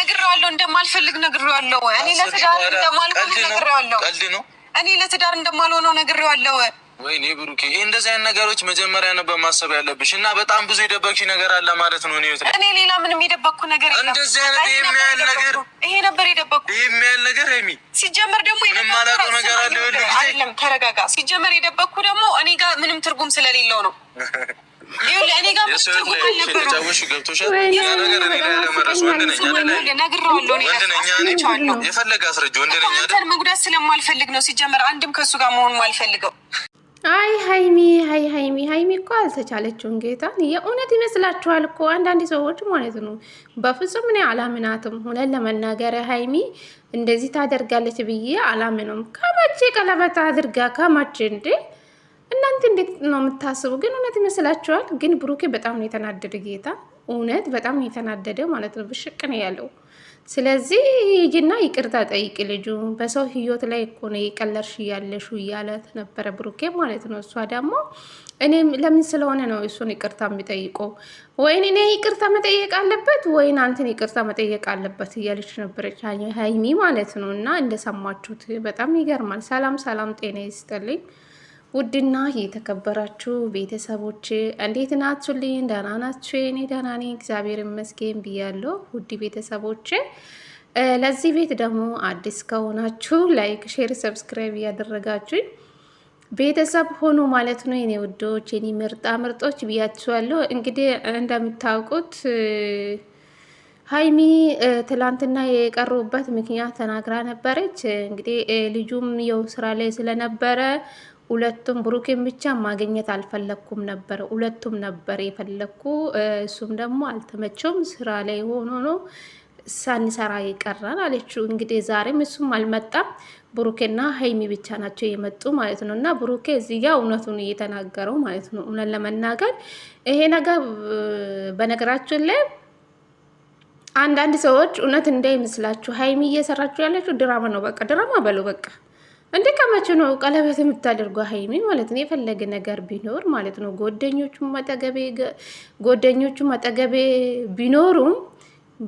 ነግሬዋለሁ፣ እንደማልፈልግ ነግሬዋለሁ። እኔ ለትዳር እንደማልሆነ ነግሬዋለሁ። እኔ ለትዳር እንደማልሆነው ነግሬዋለሁ። ወይኔ ብሩኬ፣ ይህ እንደዚህ አይነት ነገሮች መጀመሪያ ነበር ማሰብ ያለብሽ። እና በጣም ብዙ የደበቅሽ ነገር አለ ማለት ነው። እኔ እኔ ሌላ ምንም የደበቅኩ ነገር እንደዚህ አይነት የሚያል ነገር ይሄ ነበር የደበቅኩ የሚያል ነገር ሚ ሲጀመር ደግሞ ምንም ነገር አለ። አይደለም ተረጋጋ። ሲጀመር የደበቅኩ ደግሞ እኔ ጋር ምንም ትርጉም ስለሌለው ነው። መጉዳት ስለማልፈልግ ነው። ሲጀመር አንድም ከእሱ ጋር መሆን ማልፈልገው። አይ ሀይሚ ሀይ ሀይሚ ሀይሚ እኮ አልተቻለችውን ጌታን የእውነት ይመስላችኋል እኮ አንዳንድ ሰዎች ማለት ነው። በፍጹም እኔ አላምናትም። ሆነን ለመናገር ሀይሚ እንደዚህ ታደርጋለች ብዬ አላምንም። ከመቼ ቀለበት አድርጋ ከመቼ እንዴ እናንተ እንዴት ነው የምታስቡ? ግን እውነት ይመስላችኋል? ግን ብሩኬ በጣም ነው የተናደደ ጌታ እውነት በጣም ነው የተናደደ ማለት ነው። ብሽቅ ነው ያለው። ስለዚህ ሂጂና ይቅርታ ጠይቂ ልጁ በሰው ህይወት ላይ እኮ ነው የቀለርሽ እያለሹ እያለት ነበረ ብሩኬ ማለት ነው። እሷ ደግሞ እኔ ለምን ስለሆነ ነው እሱን ይቅርታ የሚጠይቀው? ወይን እኔ ይቅርታ መጠየቅ አለበት ወይን አንተን ይቅርታ መጠየቅ አለበት እያለች ነበረች ሀይሚ ማለት ነው። እና እንደሰማችሁት በጣም ይገርማል። ሰላም ሰላም፣ ጤና ይስጥልኝ ውድና የተከበራችሁ ቤተሰቦች እንዴት ናችሁልኝ? ደህና ናችሁ? እኔ ደህና ነኝ እግዚአብሔር ይመስገን ብያለሁ። ውድ ቤተሰቦች ለዚህ ቤት ደግሞ አዲስ ከሆናችሁ ላይክ፣ ሼር፣ ሰብስክራይብ እያደረጋችሁኝ ቤተሰብ ሆኑ ማለት ነው። የኔ ውዶች፣ የኔ ምርጣ ምርጦች ብያችኋለሁ። እንግዲህ እንደምታውቁት ሀይሚ ትላንትና የቀሩበት ምክንያት ተናግራ ነበረች። እንግዲህ ልጁም የው ስራ ላይ ስለነበረ ሁለቱም ብሩኬን ብቻ ማግኘት አልፈለግኩም ነበር። ሁለቱም ነበር የፈለግኩ። እሱም ደግሞ አልተመቸውም። ስራ ላይ ሆኖ ነው ሳንሰራ ይቀራል አለችው። እንግዲህ ዛሬም እሱም አልመጣም። ብሩኬና ሀይሚ ብቻ ናቸው የመጡ ማለት ነው። እና ብሩኬ እዚህ እውነቱን እየተናገረው ማለት ነው። እውነት ለመናገር ይሄ ነገር በነገራችን ላይ አንዳንድ ሰዎች እውነት እንዳይመስላችሁ ሀይሚ እየሰራችሁ ያለችው ድራማ ነው። በቃ ድራማ በለው በቃ እንደ ከመቼ ነው ቀለበት የምታደርጉ? ሀይሚ ማለት ነው? የፈለገ ነገር ቢኖር ማለት ነው ጓደኞቹም አጠገቤ ጓደኞቹም አጠገቤ ቢኖሩም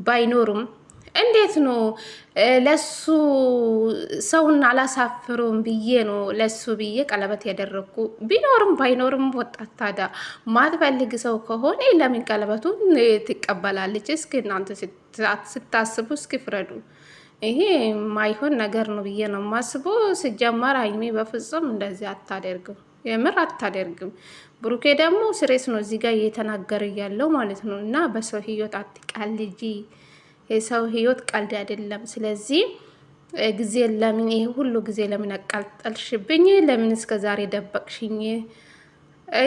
ባይኖሩም እንዴት ነው ለሱ ሰውን አላሳፍሩም ብዬ ነው ለሱ ብዬ ቀለበት ያደረግኩ። ቢኖርም ባይኖርም ወጣት ታዳ ማትፈልግ ሰው ከሆነ ለምን ቀለበቱን ትቀበላለች? እስኪ እናንተ ስታስቡ እስኪ ፍረዱ። ይሄ ማይሆን ነገር ነው ብዬ ነው የማስበው። ስጀመር ሀይሚ በፍጹም እንደዚህ አታደርግም፣ የምር አታደርግም። ብሩኬ ደግሞ ስሬስ ነው እዚህ ጋር እየተናገረ ያለው ማለት ነው። እና በሰው ህይወት አትቃልጂ፣ የሰው ህይወት ቀልድ አይደለም። ስለዚህ ጊዜ ለምን ይሄ ሁሉ ጊዜ ለምን አቃልጠልሽብኝ? ለምን እስከ ዛሬ ደበቅሽኝ?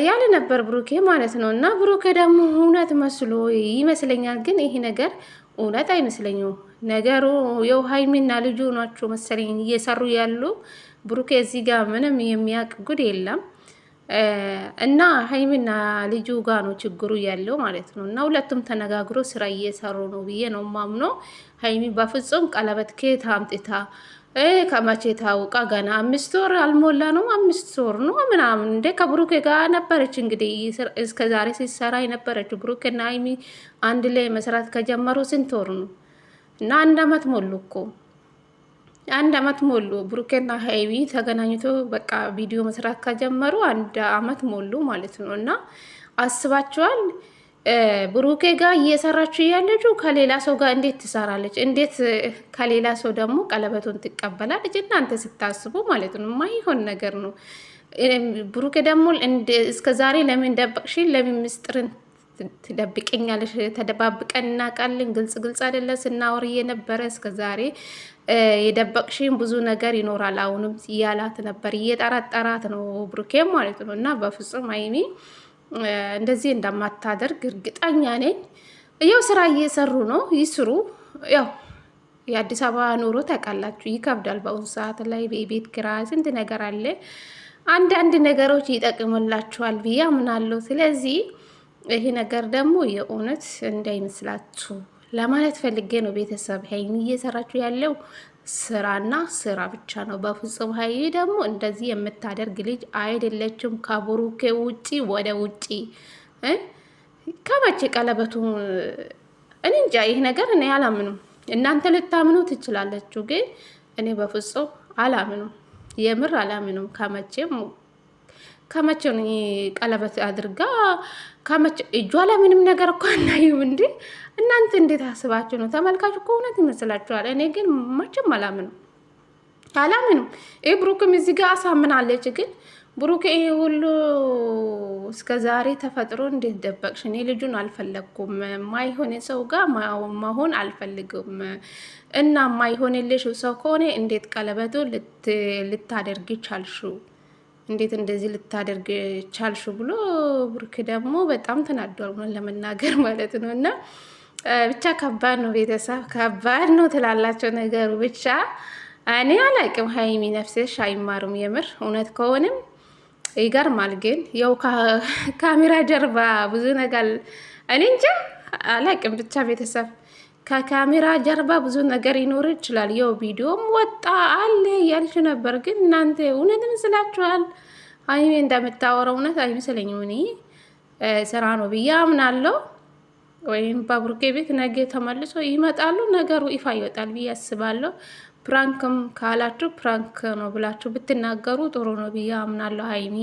ያለ ነበር ብሩኬ ማለት ነው። እና ብሩኬ ደግሞ እውነት መስሎ ይመስለኛል፣ ግን ይሄ ነገር እውነት አይመስለኝም። ነገሩ የው ሀይሚና ልጁ ናቸው መሰለኝ እየሰሩ ያሉ። ብሩኬ እዚህ ጋር ምንም የሚያውቅ ጉድ የለም። እና ሀይሚና ልጁ ጋር ነው ችግሩ ያለው ማለት ነው። እና ሁለቱም ተነጋግሮ ስራ እየሰሩ ነው ብዬ ነው ማምኖ። ሀይሚ በፍጹም ቀለበት ከየት አምጥታ ከመቼ ታውቃ ገና አምስት ወር አልሞላ ነው፣ አምስት ወር ነው ምናምን እንደ ከብሩኬ ጋር ነበረች እንግዲህ እስከ ዛሬ ሲሰራ የነበረችው ብሩኬና ሀይሚ አንድ ላይ መስራት ከጀመሩ ስንት ወር ነው? እና አንድ አመት ሞሉ እኮ አንድ አመት ሞሉ። ብሩኬና ሀይሚ ተገናኝቶ በቃ ቪዲዮ መስራት ከጀመሩ አንድ አመት ሞሉ ማለት ነው። እና አስባችኋል ብሩኬ ጋር እየሰራችው እያለች ከሌላ ሰው ጋር እንዴት ትሰራለች? እንዴት ከሌላ ሰው ደግሞ ቀለበቱን ትቀበላለች? እናንተ ስታስቡ ማለት ነው። ማይሆን ነገር ነው። ብሩኬ ደግሞ እስከ ዛሬ ለምን ደበቅሽ? ለምን ምስጢርን ትደብቀኛለች? ተደባብቀን እናውቃለን። ግልጽ ግልጽ አይደለ ስናወር የነበረ እስከ ዛሬ የደበቅሽን ብዙ ነገር ይኖራል። አሁንም እያላት ነበር፣ እየጠራጠራት ነው ብሩኬ ማለት ነው። እና በፍጹም አይኔ እንደዚህ እንደማታደርግ እርግጠኛ ነኝ። ያው ስራ እየሰሩ ነው፣ ይስሩ። ያው የአዲስ አበባ ኑሮ ታውቃላችሁ፣ ይከብዳል። በአሁኑ ሰዓት ላይ የቤት ኪራይ፣ ስንት ነገር አለ። አንዳንድ ነገሮች ይጠቅምላችኋል ብዬ አምናለሁ። ስለዚህ ይሄ ነገር ደግሞ የእውነት እንዳይመስላችሁ ለማለት ፈልጌ ነው። ቤተሰብ ሀይሚ እየሰራችሁ ያለው ስራና ስራ ብቻ ነው። በፍጹም ሀይሚ ደግሞ እንደዚህ የምታደርግ ልጅ አይደለችም። ከብሩኬ ውጪ ወደ ውጪ ከመቼ ቀለበቱ እኔ እንጃ። ይህ ነገር እኔ አላምኑም። እናንተ ልታምኑ ትችላለችሁ፣ ግን እኔ በፍጹም አላምኑም። የምር አላምኑም ከመቼም ከመቼ ነው ቀለበት አድርጋ ከመቼ እጇ ላይ ምንም ነገር እኮ አናይም እንዲ እናንተ እንዴት አስባችሁ ነው? ተመልካች እኮ እውነት ይመስላችኋል። እኔ ግን መቼም አላምንም አላምንም። ይህ ብሩክም እዚህ ጋር አሳምናለች ግን ብሩክ ይሄ ሁሉ እስከ ዛሬ ተፈጥሮ እንዴት ደበቅሽ? እኔ ልጁን አልፈለግኩም። ማይሆን ሰው ጋር መሆን አልፈልግም። እና ማይሆንልሽ ሰው ከሆነ እንዴት ቀለበቱ ልታደርግ ቻልሽው? እንዴት እንደዚህ ልታደርግ ቻልሹ ብሎ ብሩክ ደግሞ በጣም ተናዷል፣ ለመናገር ማለት ነው። እና ብቻ ከባድ ነው፣ ቤተሰብ ከባድ ነው ትላላቸው ነገሩ። ብቻ እኔ አላቅም፣ ሀይሚ ነፍስሽ አይማሩም። የምር እውነት ከሆንም ይገርማል። ግን ያው ካሜራ ጀርባ ብዙ ነገር እኔ እንጃ አላቅም። ብቻ ቤተሰብ ከካሜራ ጀርባ ብዙ ነገር ይኖር ይችላል። ያው ቪዲዮም ወጣ አለ ያልሽ ነበር፣ ግን እናንተ እውነት ይመስላችኋል? ሀይሜ እንደምታወራው እውነት አይመስለኝም። እኔ ስራ ነው ብዬ አምናለሁ። ወይም በብሩኬ ቤት ነገ ተመልሶ ይመጣሉ፣ ነገሩ ይፋ ይወጣል ብዬ አስባለሁ። ፕራንክም ካላችሁ ፕራንክ ነው ብላችሁ ብትናገሩ ጥሩ ነው ብዬ አምናለሁ። ሀይሚ